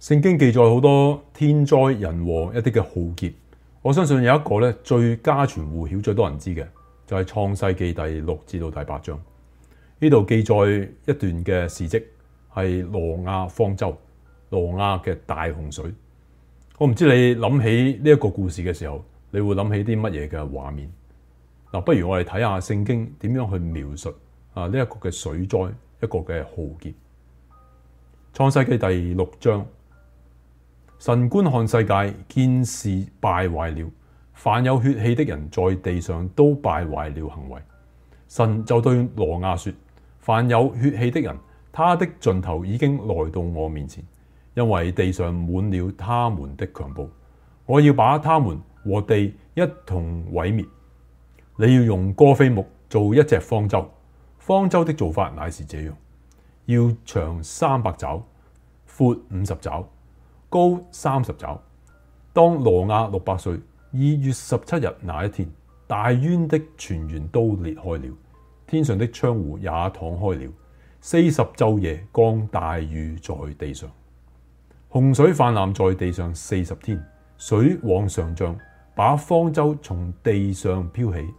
聖經記載好多天災人禍一啲嘅浩劫，我相信有一個咧最家傳戶曉、最多人知嘅，就係、是、創世記第六至到第八章呢度記載一段嘅事跡，係挪亞方舟、挪亞嘅大洪水。我唔知你諗起呢一個故事嘅時候，你會諗起啲乜嘢嘅畫面？嗱，不如我哋睇下聖經點樣去描述啊呢一個嘅水災，一個嘅浩劫。創世記第六章。神觀看世界，見事敗壞了，凡有血氣的人在地上都敗壞了行為。神就對挪亞說：凡有血氣的人，他的盡頭已經來到我面前，因為地上滿了他們的強暴。我要把他們和地一同毀滅。你要用歌斐木做一隻方舟。方舟的做法乃是這樣：要長三百肘，闊五十肘。」高三十肘。當挪亞六百歲，二月十七日那一天，大淵的泉源都裂開了，天上的窗戶也敞開了。四十晝夜降大雨在地上，洪水泛濫在地上四十天，水往上漲，把方舟從地上飄起。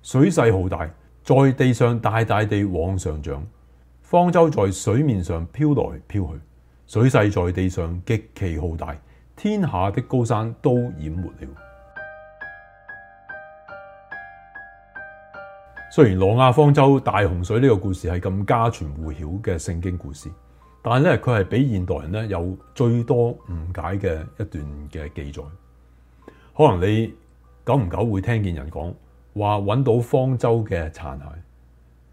水勢浩大，在地上大大地往上漲，方舟在水面上飄來飄去。水勢在地上極其浩大，天下的高山都淹沒了。雖然《挪亞方舟》大洪水呢個故事係咁家傳戶曉嘅聖經故事，但係咧佢係比現代人咧有最多誤解嘅一段嘅記載。可能你久唔久會聽見人講話，揾到方舟嘅殘骸，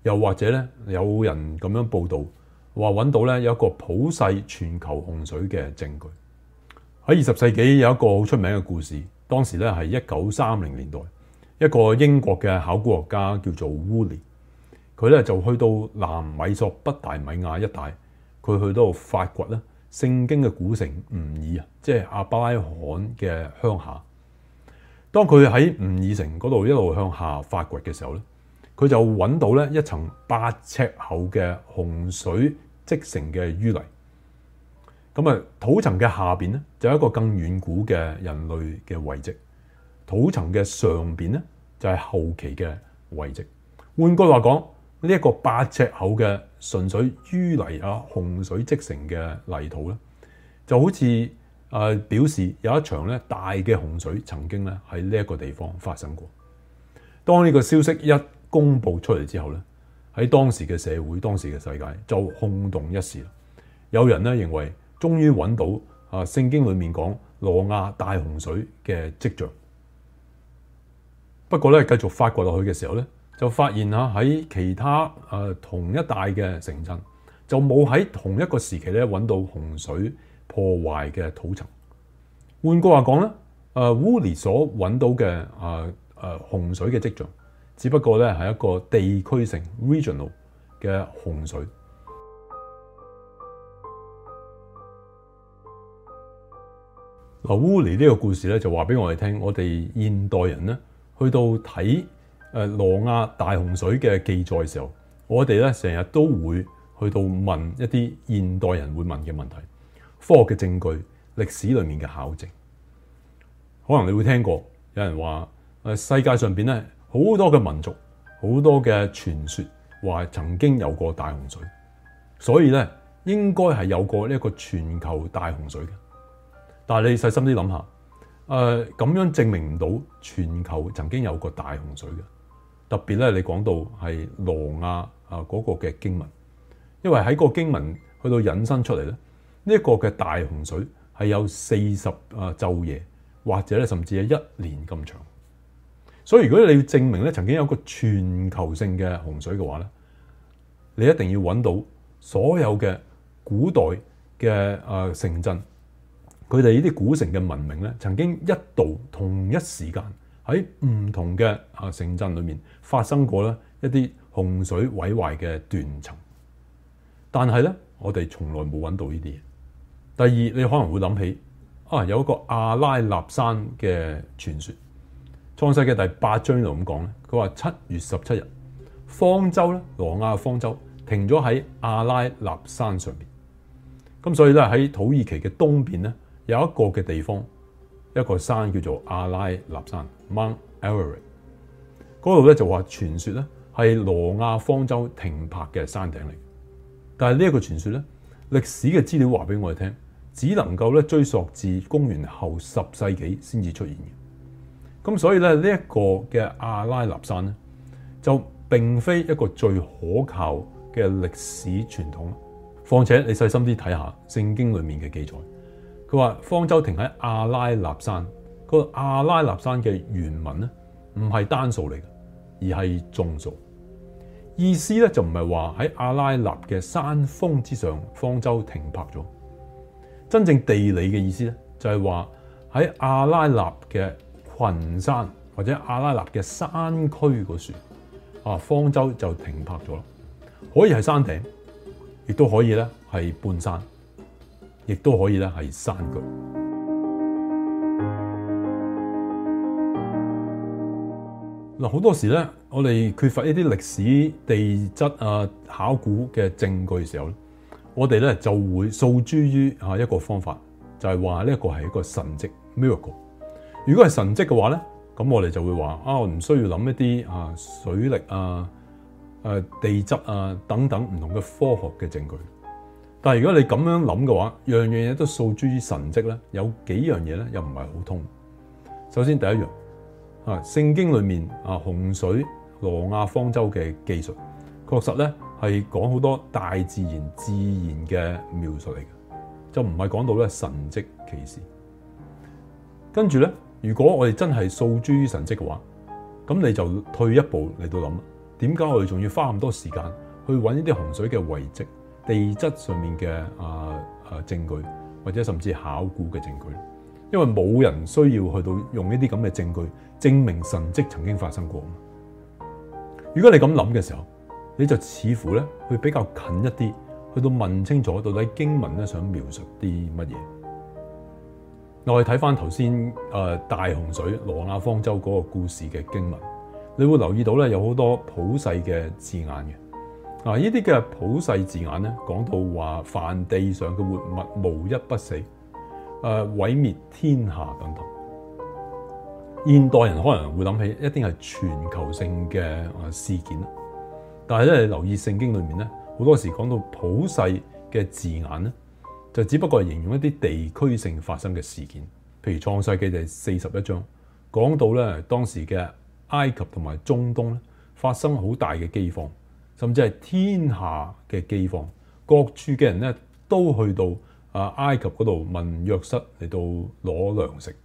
又或者咧有人咁樣報道。話揾到咧有一個普世全球洪水嘅證據。喺二十世紀有一個好出名嘅故事，當時咧係一九三零年代，一個英國嘅考古學家叫做烏利，佢咧就去到南美索不達米亞一帶，佢去到發掘咧聖經嘅古城吾珥啊，即係亞伯拉罕嘅鄉下。當佢喺吾珥城嗰度一路向下發掘嘅時候咧。佢就揾到咧一層八尺厚嘅洪水積成嘅淤泥，咁啊土層嘅下邊咧就有一個更遠古嘅人類嘅遺跡，土層嘅上邊咧就係後期嘅遺跡。換句話講，呢一個八尺厚嘅純粹淤泥啊，洪水積成嘅泥土咧，就好似誒表示有一場咧大嘅洪水曾經咧喺呢一個地方發生過。當呢個消息一公布出嚟之後咧，喺當時嘅社會、當時嘅世界就轟動一時。有人咧認為終於，終於揾到啊聖經裏面講挪亞大洪水嘅跡象。不過呢，繼續發掘落去嘅時候呢，就發現啊喺其他啊同一帶嘅城鎮，就冇喺同一個時期咧揾到洪水破壞嘅土層。換句話講咧，啊烏利所揾到嘅啊啊洪水嘅跡象，只不過咧係一個地區性 （regional） 嘅洪水。嗱，胡里呢個故事咧就話俾我哋聽，我哋現代人咧去到睇誒挪亞大洪水嘅記載嘅時候，我哋咧成日都會去到問一啲現代人會問嘅問題，科學嘅證據、歷史裡面嘅考證，可能你會聽過有人話誒世界上邊咧。好多嘅民族，好多嘅傳説話曾經有過大洪水，所以咧應該係有過呢一個全球大洪水嘅。但係你細心啲諗下，誒、呃、咁樣證明唔到全球曾經有過大洪水嘅。特別咧，你講到係挪亞啊嗰個嘅經文，因為喺個經文去到引申出嚟咧，呢、這、一個嘅大洪水係有四十啊晝、呃、夜，或者咧甚至係一年咁長。所以如果你要證明咧曾經有個全球性嘅洪水嘅話咧，你一定要揾到所有嘅古代嘅啊城鎮，佢哋呢啲古城嘅文明咧曾經一度同一時間喺唔同嘅啊城鎮裏面發生過咧一啲洪水毀壞嘅斷層，但係咧我哋從來冇揾到呢啲嘢。第二，你可能會諗起啊有一個阿拉納山嘅傳說。創世記嘅第八章就咁講咧，佢話七月十七日，方舟咧，挪亞方舟停咗喺阿拉納山上邊。咁所以咧喺土耳其嘅東邊咧有一個嘅地方，一個山叫做阿拉納山 （Mount Everest）。嗰度咧就話傳說咧係挪亞方舟停泊嘅山頂嚟。但係呢一個傳說咧，歷史嘅資料話俾我哋聽，只能夠咧追溯至公元後十世紀先至出現嘅。咁所以咧，呢、這、一個嘅阿拉納山咧，就並非一個最可靠嘅歷史傳統。況且你細心啲睇下聖經裏面嘅記載，佢話方舟停喺阿拉納山。這個阿拉納山嘅原文咧，唔係單數嚟嘅，而係眾數，意思咧就唔係話喺阿拉納嘅山峰之上，方舟停泊咗。真正地理嘅意思咧，就係話喺阿拉納嘅。群山或者阿拉納嘅山區，個船啊，方舟就停泊咗咯，可以係山頂，亦都可以咧係半山，亦都可以咧係山腳。嗱，好 多時咧，我哋缺乏一啲歷史地質啊考古嘅證據嘅時候咧，我哋咧就會訴諸於啊一個方法，就係話呢一個係一個神蹟 miracle。如果係神迹嘅話咧，咁我哋就會話啊，我唔需要諗一啲啊水力啊、誒、啊、地質啊等等唔同嘅科學嘅證據。但係如果你咁樣諗嘅話，樣樣嘢都訴諸於神迹咧，有幾樣嘢咧又唔係好通。首先第一樣啊，聖經裏面啊洪水、挪亞方舟嘅技術，確實咧係講好多大自然自然嘅描述嚟嘅，就唔係講到咧神迹奇事。跟住咧。如果我哋真係訴諸於神蹟嘅話，咁你就退一步嚟到諗，點解我哋仲要花咁多時間去揾一啲洪水嘅遺跡、地質上面嘅啊啊證據，或者甚至考古嘅證據？因為冇人需要去到用呢啲咁嘅證據證明神蹟曾經發生過。如果你咁諗嘅時候，你就似乎咧去比較近一啲，去到問清楚到底經文咧想描述啲乜嘢。我哋睇翻頭先大洪水、挪亞方舟嗰個故事嘅經文，你會留意到咧有好多普世嘅字眼嘅。嗱，呢啲嘅普世字眼咧，講到話凡地上嘅活物無一不死，毀滅天下等等。現代人可能會諗起一定係全球性嘅事件，但係咧你留意聖經裏面咧，好多時講到普世嘅字眼咧。就只不過係形容一啲地區性發生嘅事件，譬如創世記第四十一章講到咧，當時嘅埃及同埋中東咧發生好大嘅饑荒，甚至係天下嘅饑荒，各處嘅人咧都去到啊埃及嗰度問約瑟嚟到攞糧食。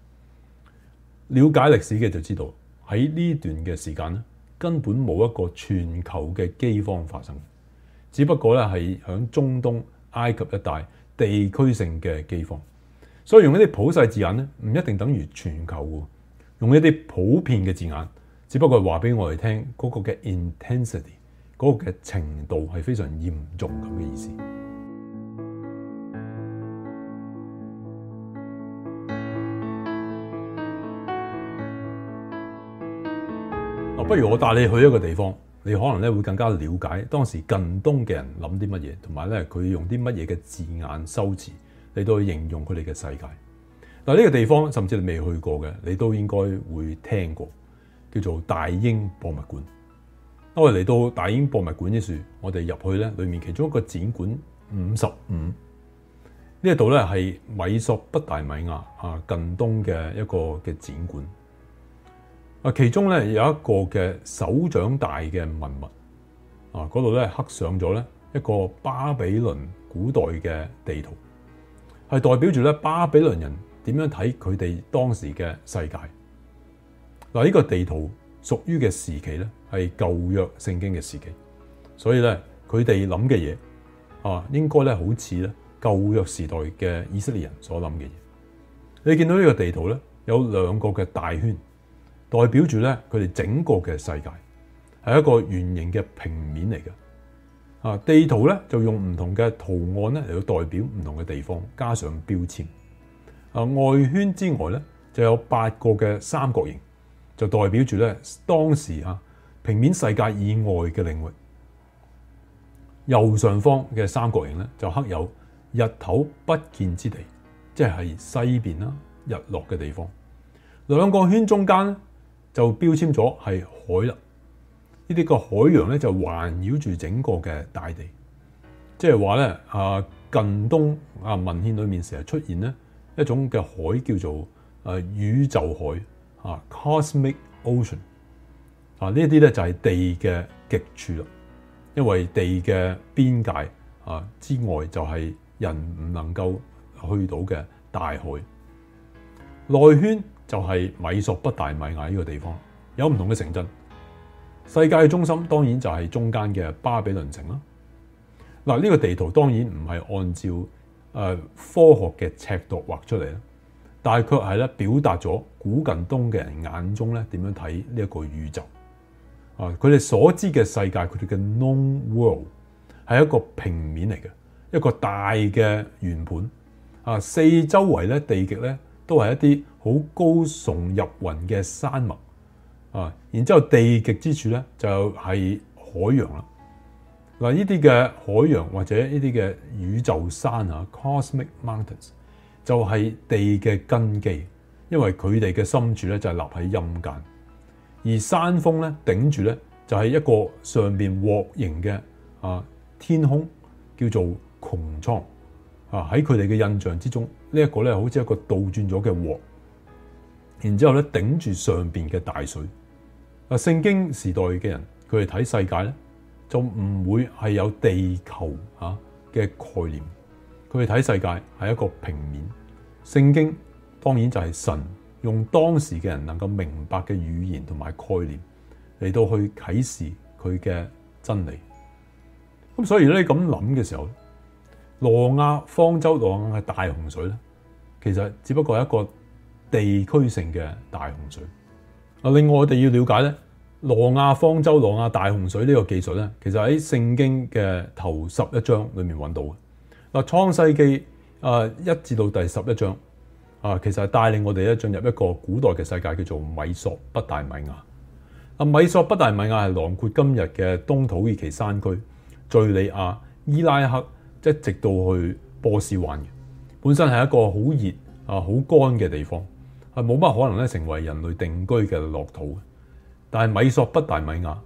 了解歷史嘅就知道喺呢段嘅時間咧，根本冇一個全球嘅饑荒發生，只不過咧係響中東埃及一帶。地區性嘅饑荒，所以用一啲普世字眼咧，唔一定等於全球喎。用一啲普遍嘅字眼，只不過係話俾我哋聽嗰個嘅 intensity，嗰個嘅程度係非常嚴重咁嘅意思。啊，不如我帶你去一個地方。你可能咧會更加了解當時近東嘅人諗啲乜嘢，同埋咧佢用啲乜嘢嘅字眼修辭嚟到形容佢哋嘅世界。嗱呢個地方甚至你未去過嘅，你都應該會聽過，叫做大英博物館。我哋嚟到大英博物館嘅時，我哋入去咧，裡面其中一個展館五十五，呢度咧係美索不達米亞啊近東嘅一個嘅展館。啊，其中咧有一個嘅手掌大嘅文物，啊，嗰度咧刻上咗咧一個巴比倫古代嘅地圖，係代表住咧巴比倫人點樣睇佢哋當時嘅世界。嗱，呢個地圖屬於嘅時期咧係舊約聖經嘅時期，所以咧佢哋諗嘅嘢啊，應該咧好似咧舊約時代嘅以色列人所諗嘅嘢。你見到呢個地圖咧有兩個嘅大圈。代表住咧，佢哋整個嘅世界係一個圓形嘅平面嚟嘅。啊，地圖咧就用唔同嘅圖案咧嚟到代表唔同嘅地方，加上標籤。啊，外圈之外咧就有八個嘅三角形，就代表住咧當時啊平面世界以外嘅領域。右上方嘅三角形咧就刻有日頭不見之地，即係喺西邊啦，日落嘅地方。兩個圈中間，就標籤咗係海啦，呢啲個海洋咧就環繞住整個嘅大地，即係話咧，啊近東啊文獻裏面成日出現咧一種嘅海叫做啊宇宙海啊，cosmic ocean 啊，呢啲咧就係地嘅極處啦，因為地嘅邊界啊之外就係人唔能夠去到嘅大海內圈，就係、是、米索不達米亞呢個地方，有唔同嘅城鎮。世界嘅中心當然就係中間嘅巴比倫城啦。嗱，呢個地圖當然唔係按照誒科學嘅尺度畫出嚟啦，但係佢係咧表達咗古近東嘅人眼中咧點樣睇呢一個宇宙啊，佢哋所知嘅世界，佢哋嘅 non world 係一個平面嚟嘅，一個大嘅圓盤啊，四周圍咧地極咧。都係一啲好高聳入雲嘅山脈啊，然之後地極之處咧就係海洋啦。嗱，呢啲嘅海洋或者呢啲嘅宇宙山啊 （cosmic mountains） 就係地嘅根基，因為佢哋嘅深處咧就係立喺陰間，而山峰咧頂住咧就係一個上邊鑊形嘅啊天空，叫做穹蒼啊，喺佢哋嘅印象之中。呢、這、一個咧，好似一個倒轉咗嘅鑊，然之後咧頂住上邊嘅大水。啊，聖經時代嘅人，佢哋睇世界咧，就唔會係有地球吓嘅概念。佢哋睇世界係一個平面。聖經當然就係神用當時嘅人能夠明白嘅語言同埋概念嚟到去啟示佢嘅真理。咁所以咧咁諗嘅時候，挪亞方舟挪亞大洪水咧。其實只不過係一個地區性嘅大洪水。啊，另外我哋要了解咧，挪亞方舟、挪亞大洪水呢個技術咧，其實喺聖經嘅頭十一章裏面揾到嘅。嗱，《創世紀》啊，一至到第十一章啊，其實係帶領我哋咧進入一個古代嘅世界，叫做米索北大米亞。啊，米索北大米亞係囊括今日嘅東土耳其山區、敍利亞、伊拉克，一直到去波斯灣嘅。本身係一個好熱啊、好乾嘅地方，係冇乜可能咧成為人類定居嘅樂土嘅。但係米索不大米亞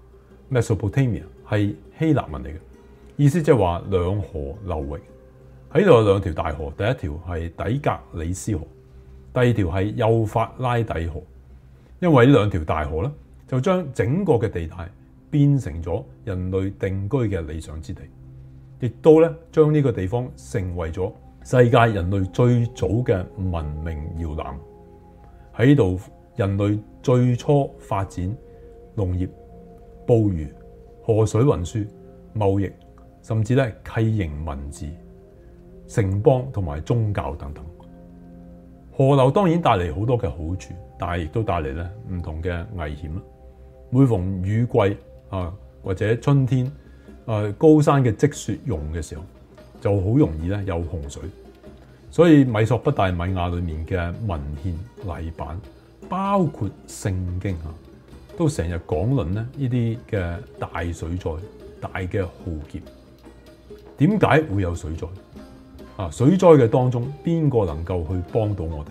（Mesopotamia） 係希臘文嚟嘅，意思即係話兩河流域喺度有兩條大河，第一條係底格里斯河，第二條係幼發拉底河。因為呢兩條大河咧，就將整個嘅地帶變成咗人類定居嘅理想之地，亦都咧將呢個地方成為咗世界人類最早嘅文明搖籃喺度，在這裏人類最初發展農業、捕魚、河水運輸、貿易，甚至咧契形文字、城邦同埋宗教等等。河流當然帶嚟好多嘅好處，但係亦都帶嚟咧唔同嘅危險。每逢雨季啊，或者春天，高山嘅積雪融嘅時候。就好容易咧有洪水，所以米索不大米亞裏面嘅文獻泥板，包括聖經啊，都成日講論咧呢啲嘅大水災、大嘅浩劫。點解會有水災？啊，水災嘅當中邊個能夠去幫到我哋？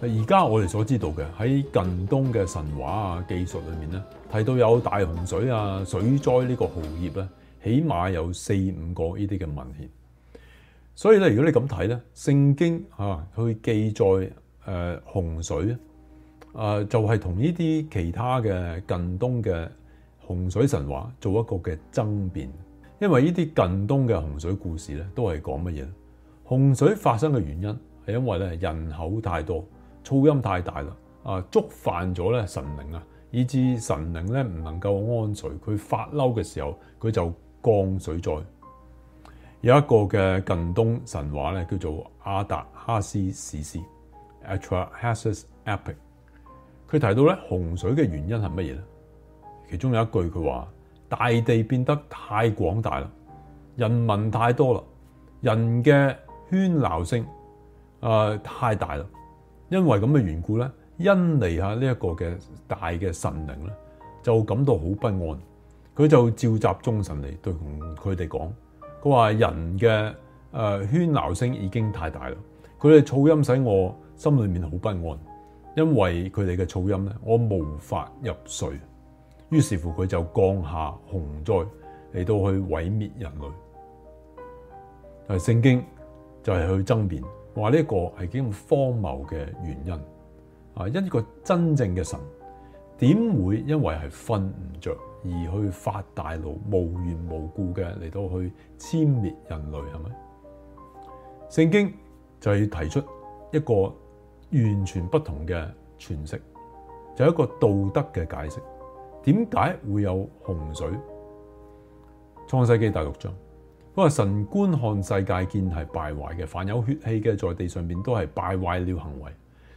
而家我哋所知道嘅喺近東嘅神話啊、技術裏面咧，睇到有大洪水啊、水災呢個浩劫咧。起碼有四五個呢啲嘅文獻，所以咧，如果你咁睇咧，聖經嚇、啊、去記載誒、呃、洪水啊，啊就係同呢啲其他嘅近東嘅洪水神話做一個嘅爭辯，因為呢啲近東嘅洪水故事咧都係講乜嘢？洪水發生嘅原因係因為咧人口太多，噪音太大啦，啊觸犯咗咧神靈啊，以致神靈咧唔能夠安睡，佢發嬲嘅時候，佢就降水災有一個嘅近東神話咧，叫做阿達哈斯史詩 （Atrahasis Epic）。佢提到咧洪水嘅原因係乜嘢咧？其中有一句佢話：大地變得太廣大啦，人民太多啦，人嘅喧鬧聲、呃、太大啦。因為咁嘅緣故咧，因尼哈呢一個嘅大嘅神靈咧就感到好不安。佢就召集眾神嚟對同佢哋講，佢話人嘅誒喧鬧聲已經太大啦，佢哋噪音使我心裏面好不安，因為佢哋嘅噪音咧，我無法入睡。於是乎佢就降下洪災嚟到去毀滅人類。但係聖經就係去爭辯，話呢個係幾咁荒謬嘅原因啊！一個真正嘅神點會因為係瞓唔着，而去發大怒，無緣無故嘅嚟到去殲滅人類，係咪？聖經就係提出一個完全不同嘅詮釋，有、就係、一個道德嘅解釋。點解會有洪水？創世記第六章，話神觀看世界見是壞的，見係敗壞嘅，凡有血氣嘅在地上面都係敗壞了行為。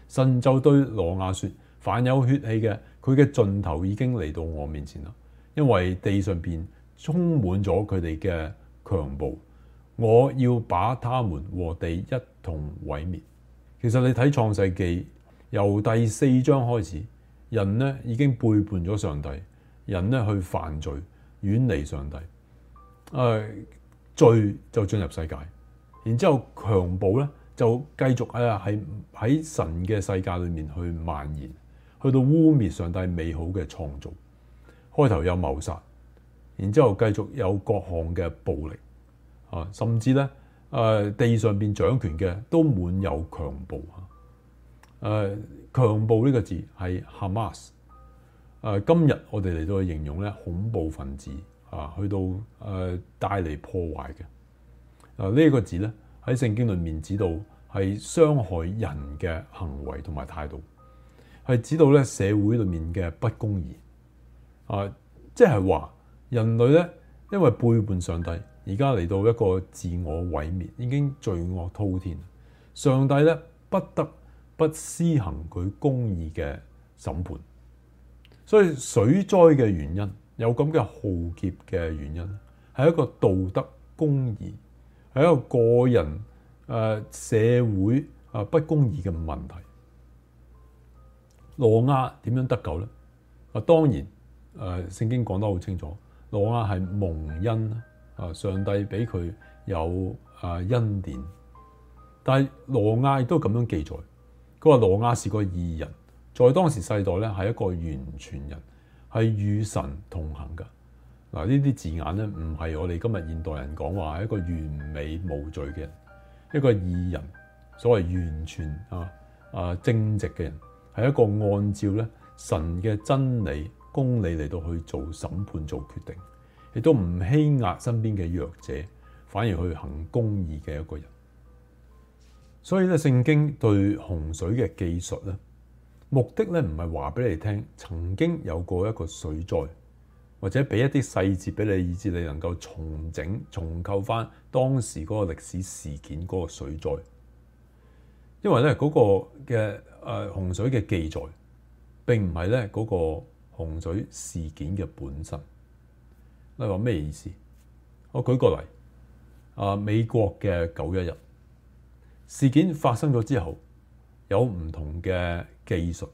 神就對挪亞説：凡有血氣嘅，佢嘅盡頭已經嚟到我面前啦。因為地上邊充滿咗佢哋嘅強暴，我要把他們和地一同毀滅。其實你睇創世記由第四章開始，人呢已經背叛咗上帝，人呢去犯罪，遠離上帝。誒、呃，罪就進入世界，然之後強暴呢，就繼續啊喺神嘅世界裏面去蔓延，去到污衊上帝美好嘅創造。開頭有謀殺，然之後繼續有各項嘅暴力啊，甚至咧誒，地上邊掌權嘅都滿有強暴啊！誒，強暴呢個字係 Hamas，誒今日我哋嚟到去形容咧恐怖分子啊，去到誒帶嚟破壞嘅啊。呢個字咧喺聖經裏面指到係傷害人嘅行為同埋態度，係指到咧社會裏面嘅不公義。啊，即係話人類咧，因為背叛上帝，而家嚟到一個自我毀滅，已經罪惡滔天。上帝咧，不得不施行佢公義嘅審判。所以水災嘅原因，有咁嘅浩劫嘅原因，係一個道德公義，係一個個人誒社會啊不公義嘅問題。挪亞點樣得救咧？啊，當然。誒聖經講得好清楚，挪亞係蒙恩啊！上帝俾佢有啊恩典，但係挪亞亦都咁樣記載，佢話挪亞是個義人，在當時世代咧係一個完全人，係與神同行㗎。嗱。呢啲字眼咧唔係我哋今日現代人講話一個完美無罪嘅人，一個義人，所謂完全啊啊正直嘅人，係一個按照咧神嘅真理，公理嚟到去做審判、做決定，亦都唔欺壓身邊嘅弱者，反而去行公義嘅一個人。所以咧，聖經對洪水嘅記述咧，目的咧唔係話俾你聽曾經有過一個水災，或者俾一啲細節俾你，以至你能夠重整重構翻當時嗰個歷史事件嗰個水災。因為咧嗰個嘅誒洪水嘅記載並唔係咧嗰個。洪水事件嘅本身，你話咩意思？我舉個例，啊美國嘅九一一事件發生咗之後，有唔同嘅技術。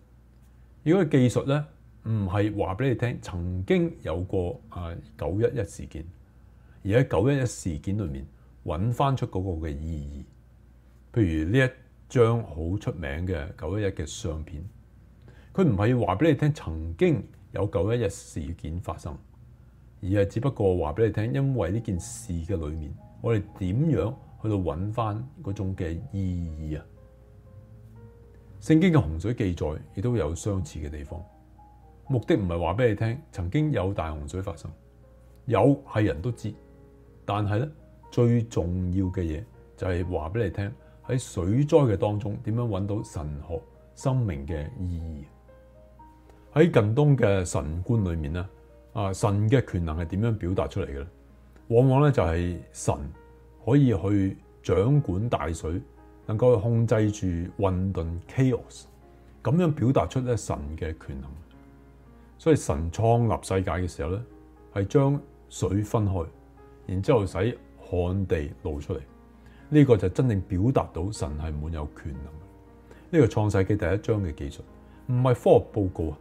如果個技術咧唔係話俾你聽，曾經有過啊九一一事件，而喺九一一事件裏面揾翻出嗰個嘅意義。譬如呢一張好出名嘅九一一嘅相片。佢唔係要話俾你聽曾經有九一一事件發生，而係只不過話俾你聽，因為呢件事嘅裏面，我哋點樣去到揾翻嗰種嘅意義啊？聖經嘅洪水記載亦都有相似嘅地方，目的唔係話俾你聽曾經有大洪水發生，有係人都知，但係咧最重要嘅嘢就係話俾你聽喺水災嘅當中點樣揾到神學、生命嘅意義。喺近東嘅神觀裏面咧，啊神嘅權能係點樣表達出嚟嘅咧？往往咧就係神可以去掌管大水，能夠去控制住混沌 chaos，咁樣表達出咧神嘅權能。所以神創立世界嘅時候咧，係將水分開，然之後使旱地露出嚟。呢個就真正表達到神係滿有權能。呢個創世記第一章嘅技術，唔係科學報告啊！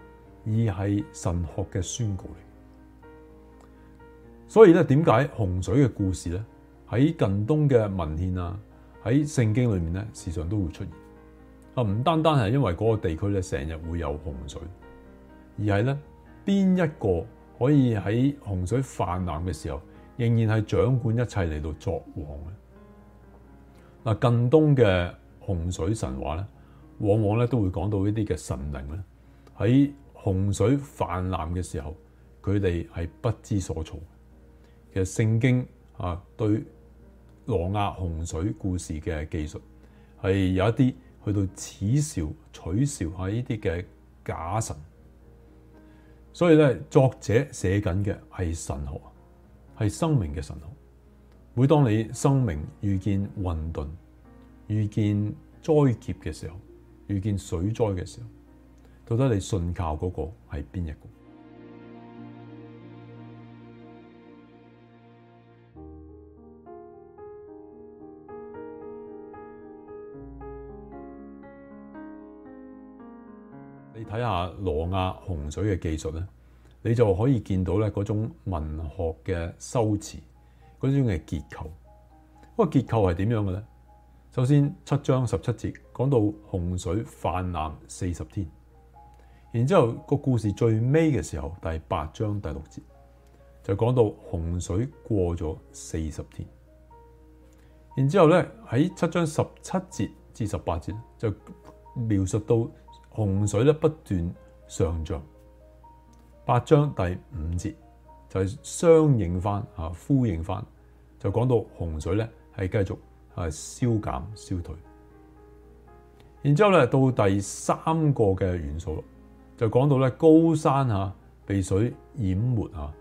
而係神學嘅宣告嚟。所以咧，點解洪水嘅故事咧喺近東嘅文獻啊，喺聖經裏面咧，時常都會出現啊。唔單單係因為嗰個地區咧，成日會有洪水，而係咧邊一個可以喺洪水氾濫嘅時候，仍然係掌管一切嚟到作王嘅嗱。近東嘅洪水神話咧，往往咧都會講到呢啲嘅神靈咧喺。洪水泛濫嘅時候，佢哋係不知所措的。其實聖經啊，對挪亞洪水故事嘅記述係有一啲去到恥笑、取笑吓呢啲嘅假神。所以咧，作者寫緊嘅係神學，係生命嘅神學。每當你生命遇見混沌、遇見災劫嘅時候，遇見水災嘅時候。到底你信靠嗰個係邊一個？你睇下挪亞洪水嘅記述咧，你就可以見到咧，嗰種文學嘅修辭，嗰種嘅結構。嗰、那個結構係點樣嘅咧？首先七章十七節講到洪水泛濫四十天。然之後個故事最尾嘅時候，第八章第六節就講到洪水過咗四十天。然之後咧，喺七章十七節至十八節就描述到洪水咧不斷上漲。八章第五節就係相應翻吓，呼應翻，就講到洪水咧係繼續係消減消退。然之後咧，到第三個嘅元素就講到咧高山嚇被水淹沒嚇，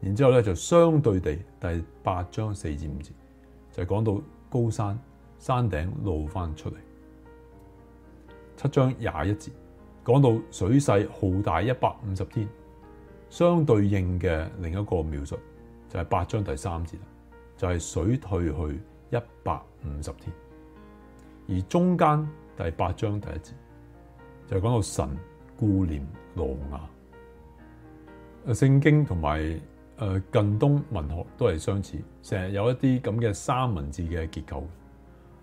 然之後咧就相對地第八章四至五節就講到高山山頂露翻出嚟。七章廿一節講到水勢浩大一百五十天，相對應嘅另一個描述就係八章第三節，就係水退去一百五十天。而中間第八章第一節就講到神，顧念挪亞，誒，聖經同埋誒近東文學都係相似，成日有一啲咁嘅三文治嘅結構，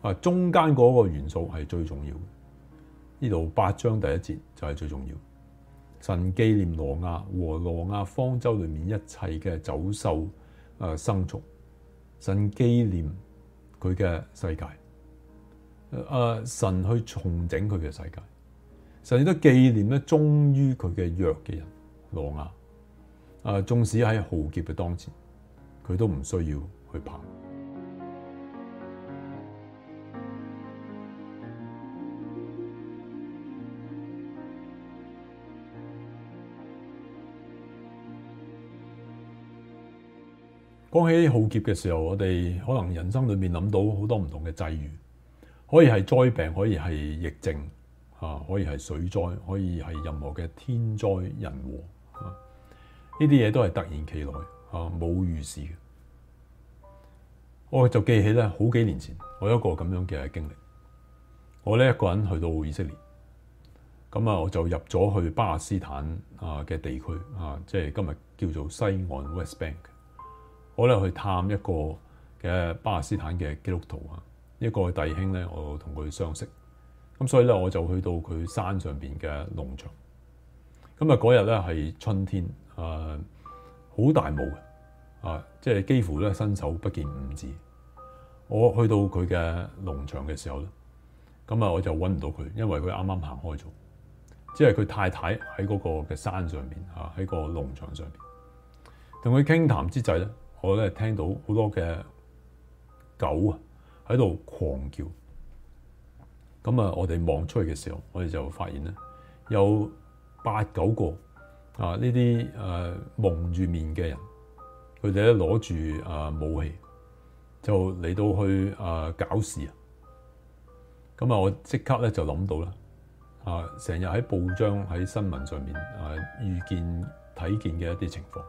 啊，中間嗰個元素係最重要嘅。呢度八章第一節就係最重要。神紀念挪亞和挪亞方舟裏面一切嘅走獸誒牲畜，神紀念佢嘅世界，誒神去重整佢嘅世界。甚至都紀念咧，忠於佢嘅約嘅人挪亞，啊、呃，縱使喺浩劫嘅當前，佢都唔需要去怕。講起浩劫嘅時候，我哋可能人生裏面諗到好多唔同嘅際遇，可以係災病，可以係疫症。啊，可以係水災，可以係任何嘅天災人禍，呢啲嘢都係突然其來啊，冇預示。我就記起咧，好幾年前我有一個咁樣嘅經歷。我呢一個人去到以色列，咁啊，我就入咗去巴勒斯坦啊嘅地區啊，即係今日叫做西岸 （West Bank） 我。我咧去探一個嘅巴勒斯坦嘅基督徒啊，一個弟兄咧，我同佢相識。咁所以咧，我就去到佢山上邊嘅農場。咁啊，嗰日咧係春天，好大霧嘅，啊即係幾乎咧伸手不見五指。我去到佢嘅農場嘅時候咧，咁啊我就搵唔到佢，因為佢啱啱行開咗。只係佢太太喺嗰個嘅山上邊喺個農場上邊，同佢傾談之際咧，我咧聽到好多嘅狗啊喺度狂叫。咁啊，我哋望出去嘅時候，我哋就發現咧有八九個啊呢啲誒蒙住面嘅人，佢哋咧攞住啊武器，就嚟到去啊搞事啊！咁啊，我即刻咧就諗到啦啊，成日喺報章喺新聞上面啊遇見睇見嘅一啲情況。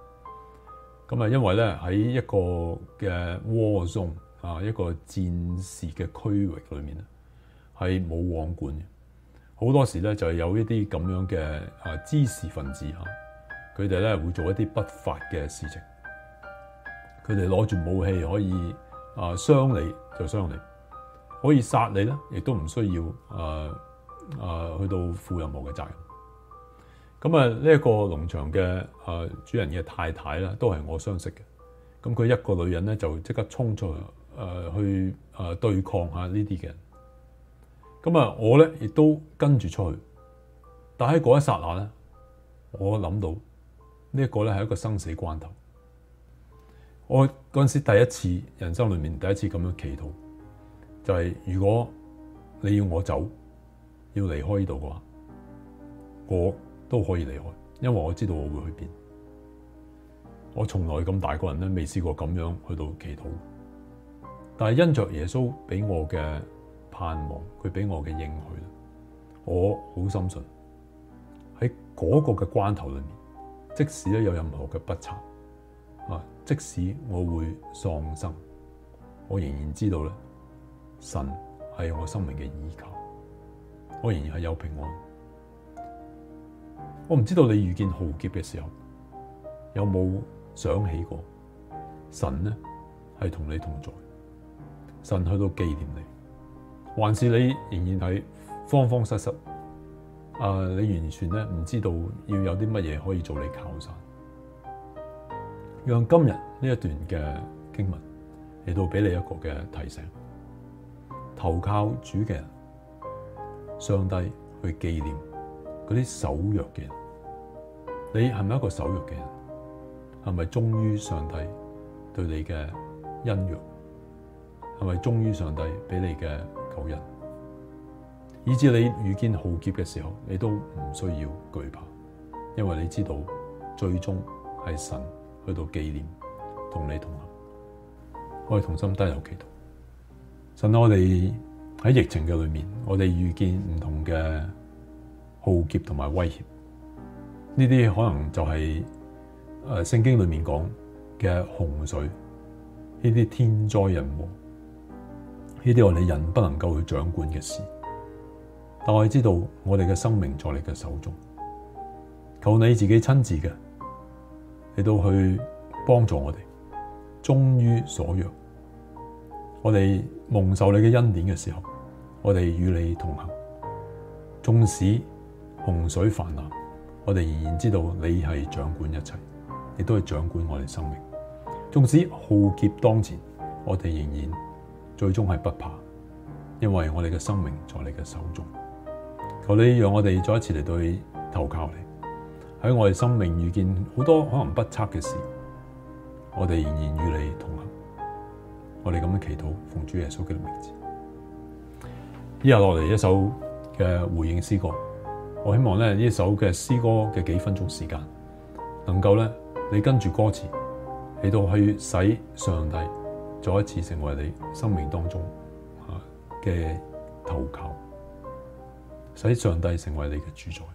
咁啊，因為咧喺一個嘅 war zone 啊，一個戰事嘅區域裏面啊。係冇王管嘅，好多時咧就係有一啲咁樣嘅啊知識分子嚇，佢哋咧會做一啲不法嘅事情，佢哋攞住武器可以啊傷你就傷你，可以殺你咧，亦都唔需要啊啊去到負任何嘅責任。咁啊，呢一個農場嘅啊主人嘅太太咧，都係我相識嘅。咁佢一個女人咧，就即刻衝出誒去誒、啊、對抗下呢啲嘅。咁啊，我咧亦都跟住出去，但喺嗰一剎那咧，我諗到呢一個咧係一個生死關頭。我嗰陣時第一次人生裏面第一次咁樣祈禱，就係如果你要我走，要離開呢度嘅話，我都可以離開，因為我知道我會去邊。我從來咁大個人咧，未試過咁樣去到祈禱。但係因着耶穌俾我嘅。盼望佢俾我嘅應許，我好深信喺嗰個嘅關頭裏面，即使咧有任何嘅不測啊，即使我會喪生，我仍然知道咧神係我生命嘅依靠，我仍然係有平安。我唔知道你遇見浩劫嘅時候有冇想起過神呢係同你同在，神去到紀念你？還是你仍然係慌慌失失，啊、呃，你完全咧唔知道要有啲乜嘢可以做你靠山。讓今日呢一段嘅經文嚟到俾你一個嘅提醒，投靠主嘅人，上帝去紀念嗰啲守約嘅人。你係咪一個守約嘅人？係咪忠於上帝對你嘅恩約？係咪忠於上帝俾你嘅？好人，以至你遇見浩劫嘅時候，你都唔需要懼怕，因為你知道最終係神去到紀念同你同行。我哋同心加油祈禱，神，我哋喺疫情嘅裏面，我哋遇見唔同嘅浩劫同埋威脅，呢啲可能就係誒聖經裏面講嘅洪水，呢啲天災人禍。呢啲我哋人不能夠去掌管嘅事，但我哋知道我哋嘅生命在你嘅手中，求你自己親自嘅你都去幫助我哋，忠於所約。我哋蒙受你嘅恩典嘅時候，我哋與你同行。縱使洪水泛濫，我哋仍然知道你係掌管一切，亦都係掌管我哋生命。縱使浩劫當前，我哋仍然。最終係不怕，因為我哋嘅生命在你嘅手中。求你讓我哋再一次嚟到去投靠你。喺我哋生命遇見好多可能不測嘅事，我哋仍然與你同行。我哋咁樣祈禱，奉主耶穌嘅名字。以下落嚟一首嘅回應詩歌，我希望咧呢一首嘅詩歌嘅幾分鐘時間，能夠咧你跟住歌詞，嚟到去使上帝，再一次成為你生命當中嘅投靠，使上帝成為你嘅主宰。